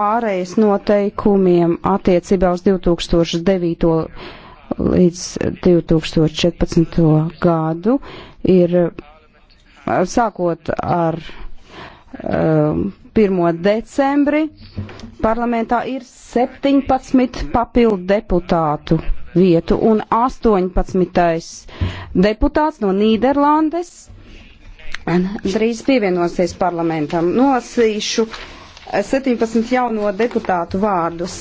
pārējais noteikumiem attiecībā uz 2009. līdz 2014. gadu ir eh, sākot ar um, eh, 1. decembri parlamentā ir 17 papildu deputātu vietu un 18. deputāts no Nīderlandes drīz pievienosies parlamentam. Nolasīšu uh, 17 jauno deputātu vārdus.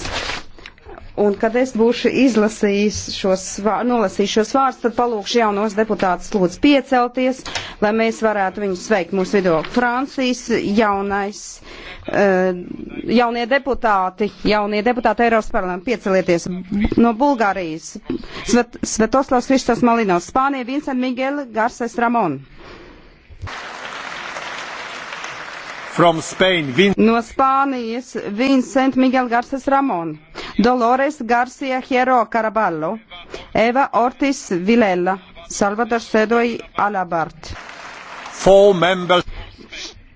Un, kad es būšu izlasījis šos, nolasījis šos vārdus, tad palūkšu jaunos deputātus lūdzu piecelties, lai mēs varētu viņus sveikt mūsu vidū. Francijas jaunais, eh, jaunie deputāti, jaunie deputāti Eiropas parlamentā piecelieties no Bulgārijas. Svet, Svetoslavs Kristos Malinos, Spānija, Vincent Miguel Garces Ramon. Spain, Vin no Spānijas Vincent Miguel Garces Ramon, Dolores Garcia Hierro Caraballo, Eva Ortiz Vilela, Salvador Sedoji Alabart.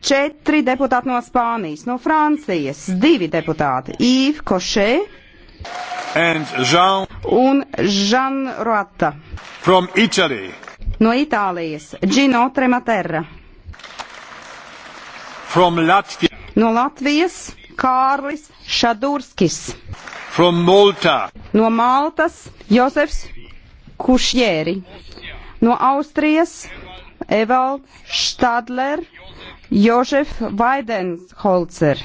Četri deputāti no Spānijas, no Francijas, divi deputāti - Yves Košē Jean... un Jean Roata. No Itālijas - Gino Trematerra. Latvia. No Latvijas Kārlis Šadurskis. Malta. No Maltas Josefs Kušjēri. No Austrijas Evald Stadler, Jožef Weidenholzer.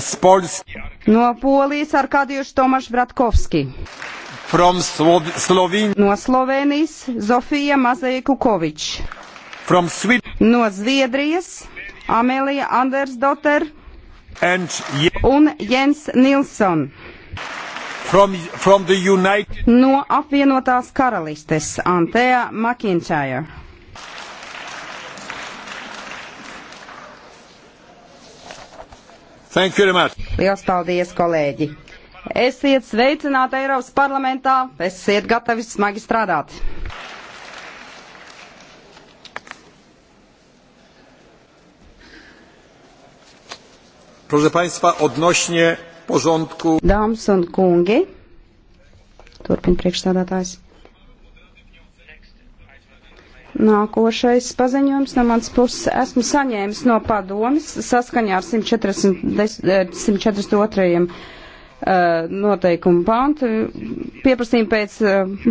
Sports. No Polijas Arkādijus Tomašs Bratkovski. Slo Slovenia. no Slovenijas Zofija Mazeja Kukovič, no Zviedrijas Amelija Andersdotter And Je un Jens Nilsson. From, from the United... No apvienotās karalistes Antea McIntyre. Thank you very much. Lielas paldies, kolēģi! Esiet sveicināti Eiropas parlamentā, esiet gatavi smagi strādāt. Proszę Państwa, odnośnie porządku. Dāmas un kungi, turpina priekšstādātājs. Nākošais paziņojums no manas puses esmu saņēmis no padomis saskaņā ar 142. Uh, noteikumu pantu pieprasījumu pēc uh,